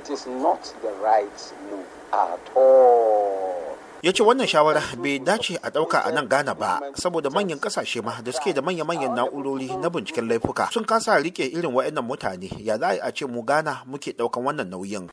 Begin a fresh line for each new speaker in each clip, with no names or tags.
it is not the right move
at all. ya ce wannan shawara bai dace a ɗauka a nan ghana ba saboda manyan ƙasashe ma da suke da manya-manyan na'urori na binciken laifuka sun kasa rike irin wa'annan mutane ya za a ce mu ghana muke ɗaukan wannan nauyin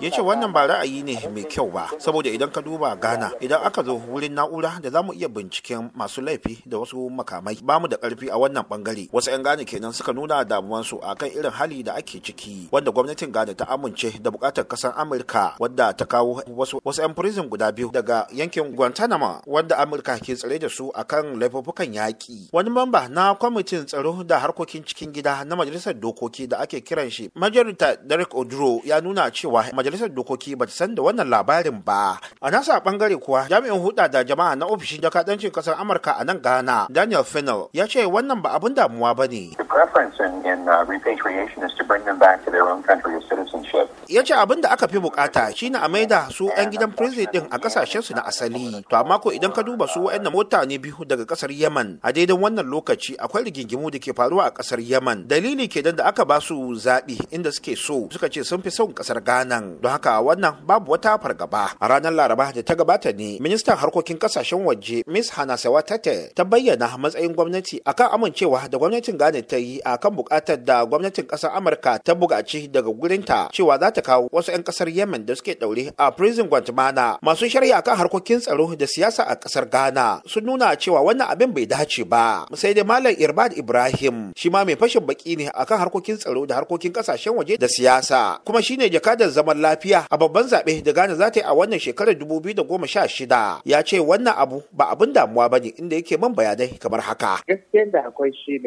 ya ce wannan ba ra'ayi ne mai kyau ba saboda idan ka duba ghana idan aka zo wurin na'ura da za mu iya binciken masu laifi da wasu makamai ba mu da ƙarfi a wannan bangare wasu 'yan ghana kenan suka nuna damuwansu akan irin hali da ake ciki wanda gwamnatin ghana ta amince da buƙatar ƙasar amurka amurka wadda ta kawo wasu 'yan prison guda biyu daga yankin guantanamo wadda amurka ke tsare da su akan laifukan yaƙi wani mamba na kwamitin tsaro da harkokin cikin gida na majalisar dokoki da ake kiran shi majorita derek oduro ya nuna cewa majalisar dokoki bata san da wannan labarin ba a nasa bangare kuwa jami'in huda da jama'a na ofishin jakadancin kasar amurka a nan ghana daniel fennell ya ce wannan ba abun damuwa ba ne
preference in, in uh, repatriation is to bring them back to their own country of citizenship.
Ya ce abin da aka fi bukata shine a maida su 'yan gidan prison din a kasashen su na asali. To amma ko idan ka duba su mota mutane biyu daga kasar Yaman a daidai wannan lokaci akwai rigingimu da ke faruwa a kasar Yaman. Dalili kenan da aka ba su zaɓi inda suke so suka ce sun fi son kasar Ghana. Don haka wannan babu wata fargaba. A ranar Laraba da ta gabata ne ministan harkokin kasashen waje Miss Hana tate ta bayyana matsayin gwamnati akan amincewa da gwamnatin Ghana ta yi yi a kan bukatar da gwamnatin ƙasar Amurka ta ci daga gurinta cewa za ta kawo wasu 'yan ƙasar Yemen da suke ɗaure a prison Guantanamo. Masu shari'a kan harkokin tsaro da siyasa a ƙasar Ghana sun nuna cewa wannan abin bai dace ba. Sai dai Malam Irbad Ibrahim shi ma mai fashin baki ne akan harkokin tsaro da harkokin ƙasashen waje da siyasa kuma shine jakadar zaman lafiya a babban zaɓe da Ghana za ta yi a wannan shekarar da goma 2016 ya ce wannan abu ba abin damuwa ba ne inda yake
man bayanai kamar haka. Gaskiyan da akwai shi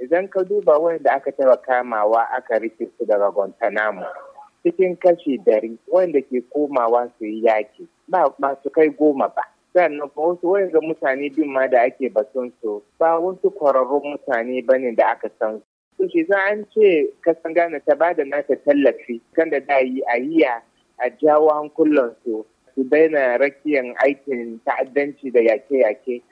idan ka duba wanda aka taba kamawa aka rike su daga guantanamo cikin kashi dari wanda ke komawa su yi yaki ba masu kai goma ba sannan ba wasu wanda mutane bin ma da ake batun su ba wasu kwararrun mutane ba ne da aka san su shi za an ce kasan gane ta ba da nata tallafi kan da da yi a yiya a jawo hankulan su su daina rakiyan aikin ta'addanci da yake-yake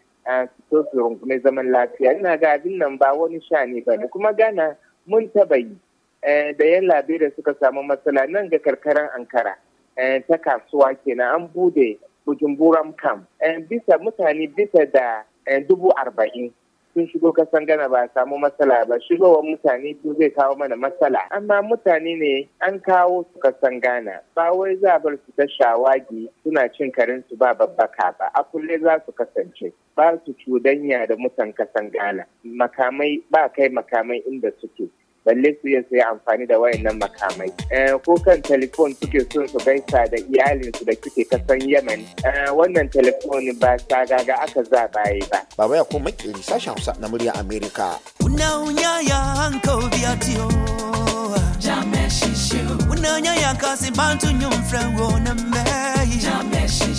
so su rungume zaman lafiya ina ga abin nan ba wani sha ne ba ne kuma gana mun taba yi e, da yan labe da suka samu matsala nan ga karkarar ankara e, ta kasuwa kenan an bude bujumburan kam e, bisa mutane bisa da dubu arba'in sun shigo kasan gana ba a samu matsala ba shigowar mutane su zai kawo mana matsala amma mutane ne an kawo su kasan gana ba wai za bar su ta shawagi suna cin karin su ba babbaka ba a kulle za su kasance ba su cudanya da mutan kasan gana makamai ba kai makamai inda suke balle su iya su yi amfani da wayannan makamai eh, ko kan telefon suke son su gaisa da iyalinsu da suke kasan yemen eh, wannan telefon ba sagaga aka za baye ba baba ya kuma makeri sashen hausa na murya amerika
ya hanka uviatio jameshishu unaonyaya kasi bantu nyumfre wonamei jameshishu